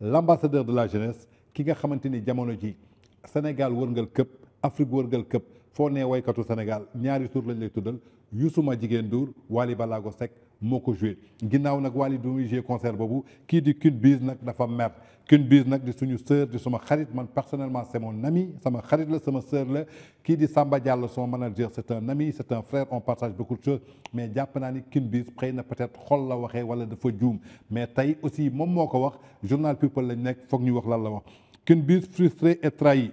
l'ambassadeur de la jeunesse ki nga xamante ni jamono ji Sénégal wërngal këpp Afrique wërngal këpp foo ne waykatu Sénégal ñaari tur lañ lay tuddal Youssouma Djigendour, Wali Balago Seck moo joué ginnaaw nag joué concert boobu kii di Biz dafa mer sœur personnellement c'est mon ami sama xarit sœur Samba Diallo son manager c'est un ami c'est un frère on partage beaucoup de choses mais jàpp ni Biz peut-être xol la wala dafa mais aussi journal People lañ la frustré et trahi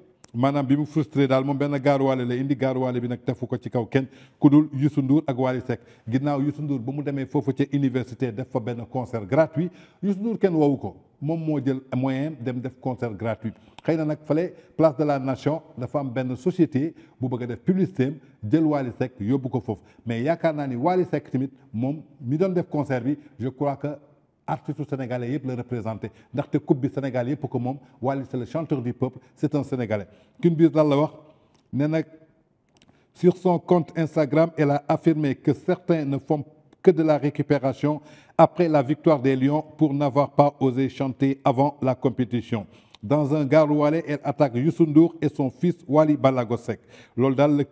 manam bi frustré dal mom ben benn walé la indi walé bi nak tefu ko ci kaw ken ku dul Youssou Ndour ak Wally Seck ginnaaw Youssou Ndour ba mu demee foofu ca université def fa benn concert gratuit Youssou Ndour ken wawuko mom mo jël moyen dem def concert gratuit xeyna nak falé place de la nation dafa am ben société bu bëgg a def publicité jël Wally Seck yóbbu ko foofu mais yakarna ni Wally Seck tamit moom mi don def concert bi je crois que artiste sénégalais le le représenté ndaxte coupe bi Sénégal que ko moom Wally c'est le chanteur du peuple c'est un sénégalais la sur son compte Instagram elle a affirmé que certains ne font que de la récupération après la victoire des Lions pour n'avoir pas osé chanter avant la compétition dans un walais, elle attaque Youssou Ndour et son fils Wali Balagosek. L'oldal le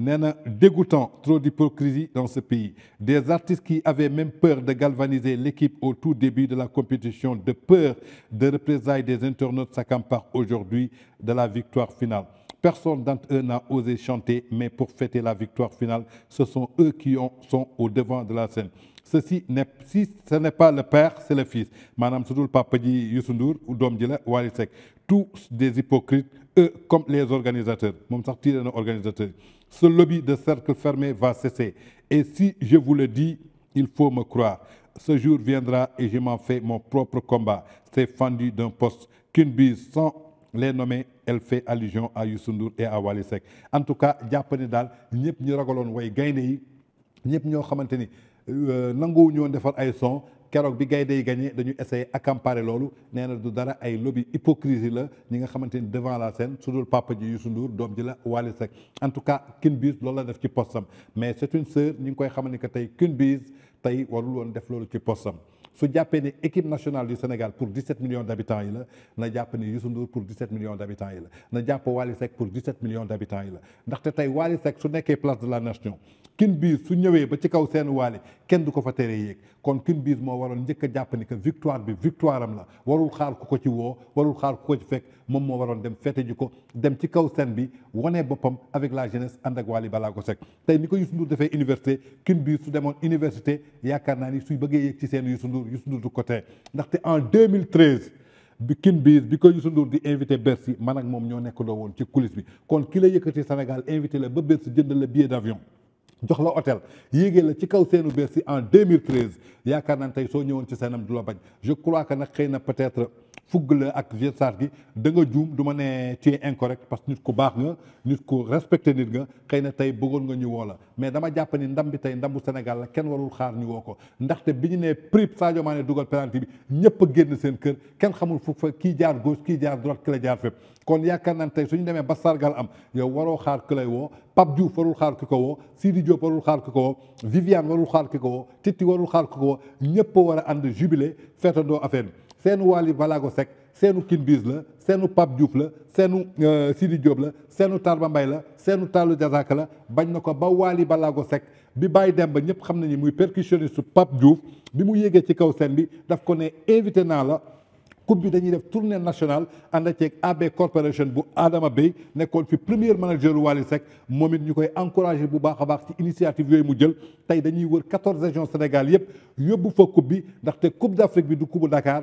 Nana dégoûtant trop d'hypocrisie dans ce pays des artistes qui avaient même peur de galvaniser l'équipe au tout début de la compétition de peur de représailles des internautes s'accaparent aujourd'hui de la victoire finale Personne d'entre eux n'a osé chanter, mais pour fêter la victoire finale, ce sont eux qui sont au devant de la scène. Ceci n'est, si ce n'est pas le père, c'est le fils. Madame Soudoul Papadi Yusundur, ou Dom Walisek. Tous des hypocrites, eux comme les organisateurs. organisateurs. Ce lobby de cercle fermé va cesser. Et si je vous le dis, il faut me croire. Ce jour viendra et je m'en fais mon propre combat. C'est fendu d'un poste. Qu'une bise sans les nommer elle fait allusion à Youssou et à Walisek. en tout cas jàpp nous daal ñu way gagné, euh, yi gagné, qui gagné, ay son de bi gagné dañu essayé nous na du dara ay lobby hypocrisie la ñi nga devant la scène papa ji Youssou Ndour ji la Wally en tout cas Kinbiz, mais c'est une sœur que gagné, gagné, nous si jàppee l'équipe nationale du Sénégal pour 17 millions d'habitants, il a la na pour 17 millions d'habitants, il a la na pour 17 millions d'habitants. Il yi la ndaxte tey place de la nation Kinbis su ñëwee ba ci kaw seen waale kenn du ko fa tere yéeg kon Kinbis moo waroon njëkk a jàpp ni que victoire bi victoire am la warul xaar ku ko ci woo warul xaar ku ko ci fekk moom moo waroon dem fete ji ko dem ci kaw seen bi wane boppam avec la jeunesse ànd ak Wally ko Seck tey ni ko Youssou Ndour defee université Kinbis su demoon université yaakaar naa ni suy bëggee yéeg ci seen Youssou Ndour Youssou Ndour du côté ndaxte en 2013. bi Kinbis bi ko Youssou Ndour di invité Bercy man ak moom ñoo nekk doo woon ci coulisse bi kon ki la yëkkati Sénégal invité la ba Bercy jënd la billet d' avion jox la otel yéegee la ci kaw seenu Bercy en 2013 yaakaar naa tey soo ñëwoon ci seenam du la bañ je crois que na xëy na peut-être fugg la ak saar gi da nga juum du ma ne tu es incorrect parce que nit ko baax nga nit ku respecté nit nga xëy na tey bëggoon nga ñu woo la mais dama jàpp ni ndam bi tey ndambu Sénégal la kenn warul xaar ñu woo ko ndaxte bi ñu nee prip Sadio Mané dugal peranti bi ñëpp génn seen kër kenn xamul fu fa kii jaar gauche kii jaar droite ki la jaar fépp kon yaakaar naa tey suñu demee ba sargal am yow waroo xaar ki lay woo Pape Diouf warul xaar ki ko woo Sidi Diop warul xaar ko woo Viviane warul ko woo warul xaar ki ko ñëpp war a ànd jubilé feetandoo affaire bi c'est nous Ballago Seck seenu King Biz la seenu Pape Diouf la seenu euh, Sidi Diop la seenu Tarba Mbaye la seenu Tallou Diazaka la bañ ba Wally Ballago bi Baye Demba ñëpp xam nañu muy percussionniste su Pape Diouf bi mu yéegee ci kaw scène daf ko invité naa la coupe bi dañuy def tournée nationale ànd ceeg AB corporation bu Adama Bey nekkoon fi premier manager de Seck moom it encourager encouragé bu baax a ci initiative yooyu mu jël tey dañuy wër régions Sénégal yëpp yóbbu fa coupe bi ndaxte coupe d' bi du coupe Dakar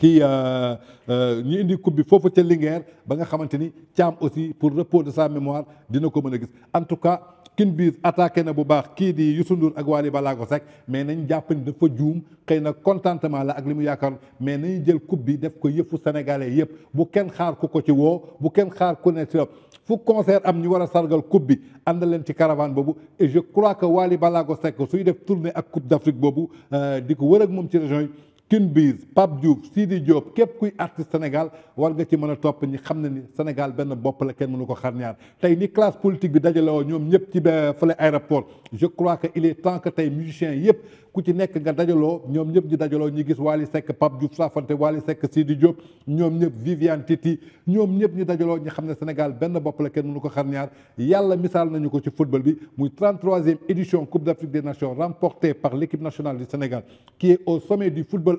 kii euh, euh, ñu indi coupe bi foofu ca Linguère ba nga xamante ni Thiam aussi pour repos de sa mémoire dina ko mën a gis en tout cas kin biir attaqué na bu baax kii di Youssou Ndour ak Waly balaago Seck mais nañ jàpp ni dafa juum xëy na contentement la ak li mu yaakaar mais nañu jël coupe bi def ko yëfu sénégalais yëpp bu kenn xaar ku ko ci woo bu kenn xaar ku ne ci fu concert am ñu war a sargal coupe bi ànd leen ci caravane boobu je crois que Waly Balago Seck suy def tournée ak coupe d'Afrique boobu euh, di ko wër ak moom ci région yi Kinbiz Pape Diouf Sidi Diop kep kuy artiste Sénégal war nga ci mën top ñi ni Sénégal ben bopp la kenn mënu ko xar ñaar ni classe politique bi dajale ñom ñoom ñëpp ci fële aéroport je crois que il est temps que tay musiciens yep ku ci nekk nga dajaloo ñom ñëpp ñu dajaloo ñi gis Wally Seck Pape Diouf Safante Wally Seck Sidi Diop ñom ñëpp Vivian Titi ñom ñëpp ñu dajaloo ñi xamna Sénégal ben bopp la kenn mënu ko xar ñaar yàlla misaal nañu ko ci football bi muy 33e édition Coupe d'Afrique des Nations remportée par l'équipe nationale du Sénégal qui est au sommet du football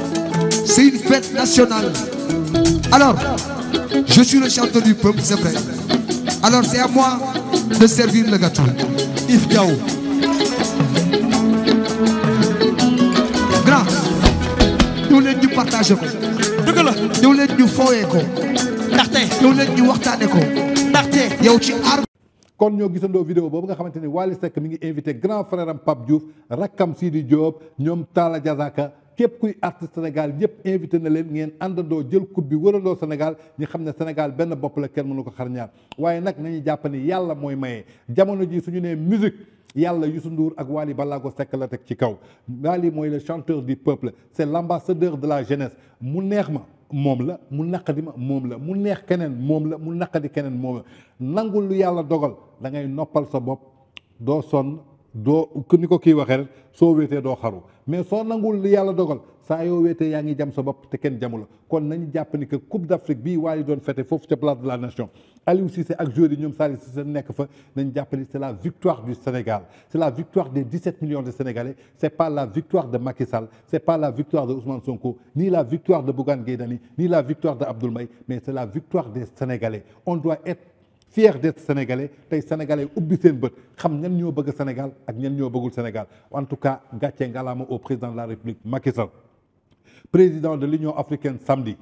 C'est une fête nationale. Alors, je suis le chanteur du peuple, c'est vrai. Alors, c'est à moi de servir le gâteau. Yves Grand, nous leen du partager ko. dëgg la ñu leen ñu fooyee ko. ndaxte ñu leen ñu waxtaanee ko. kon ñoo gisandoo vidéo boobu nga xamante ni Wally mi ngi invité grand frère am Pape Diouf rakam Sidi Diop ñoom képp kuy artiste Sénégal invité na leen ngeen àndandoo jël coupe bi Sénégal ñu xam Sénégal benn la kenn mënu ko xar waaye nag nañu jàpp ni yàlla mooy maye jamono ji suñu musique yàlla Youssou Ndour ak Wally Ballago la ci kaw le chanteur du peuple c'est l'ambassadeur de la jeunesse mu neex ma moom la mu naqadi ma moom la mu neex keneen moom la mu naqadi keneen moom la nangul lu yàlla dogal da ngay noppal sa Do, ni ko kii waxee rek soo wéetee xaru mais soo nangul li yàlla dogal saa yoo wéetee yaa ngi jam sa bopp te kenn jamu kon nañu jàpp ni que coupe d' afrique bii waa yi doon fete foofu ca place de la nation Aliou Cissé ak joueurs yi ñoom Saliou fa nañ jàpp ni c' la victoire du Sénégal c'est la victoire des 17 millions de sénégalais C'est pas la victoire de Macky Sall c'est pas la victoire de Ousmane Sonko ni la victoire de Bougane Gueye Dany ni la victoire de Abdoul mais c'est la victoire des sénégalais on doit être fier d'être sénégalais les sénégalais ubbi sen nous xam ñan ñoo bëgg Sénégal ak ñan ñoo bëggul Sénégal en tout cas Gatien ngalama au président de la République Macky président de l'Union africaine samedi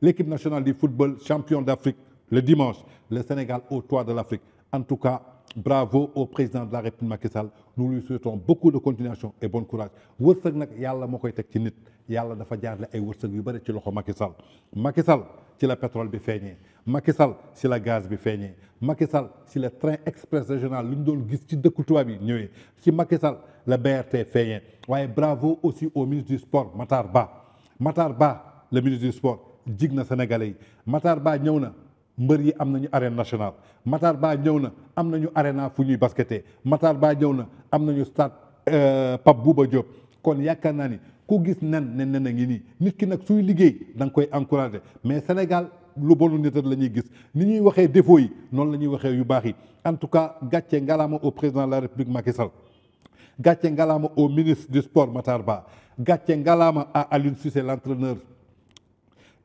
l'équipe nationale du football champion d'Afrique le dimanche le Sénégal au toit de l'Afrique en tout cas bravo au président de la République Macky Sall nous lui souhaitons beaucoup de continuation et bon courage Vous nag yàlla moo koy teg ci nit yàlla dafa jaarale ay wërsëg yu bëri ci loxo Macky Sall Macky Sall c'est la pétrole bi feeñee Macky Sall ci la gaz bi feeñee Macky Sall ci le train express régional lu ñu doon ci dëkku tubaab yi ci Macky Sall la BRT feeñee waaye bravo aussi au ministre du sport Matar Ba Matar Ba le ministre du sport digne Sénégalais Matarba Matar Ba mbër yi am nañu arène nationale Matar Ba ñewna am nañu arena fu ñuy baskettee Matar Ba ñewna na am nañu stade euh, pap Bouba Diop kon yaakaar ni ku gis nen ne nen ngi nit ki nak suy liggéey dang koy encourager mais Sénégal lu bonu nitat la ñuy gis ni ñuy waxé défaut yi non la ñuy waxee yu bax yi en tout cas gàcce ngalama au président de la République Macky Sall gàcce au ministre du sport Matar Ba gàcce à Aliou Cissé l'entraîneur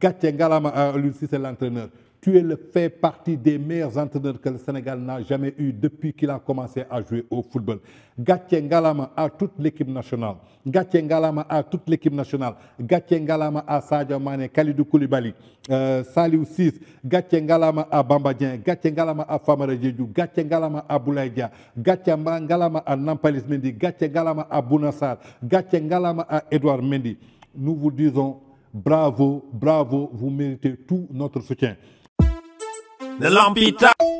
entraîneur ngalama à Aliou Cissé l'entraîneur tu es le fait partie des meilleurs entraîneurs que le Sénégal n'a jamais eu depuis qu'il a commencé à jouer au football. Gatien Galama à toute l'équipe nationale. Gatien Galama à toute l'équipe nationale. Gatien Galama à Sadio Mane, Khalidou Koulibaly, euh, Saliou Sis. Gatien Galama à Bambadien. Gatien Galama à Famara Djedjou. Gatien Galama à Boulaïdia. Gatien Galama à Nampalis Mendy. Gatien Galama à Bounassar. Gatien Galama à Edouard Mendy. Nous vous disons bravo, bravo, vous méritez tout notre soutien. The lumpy top.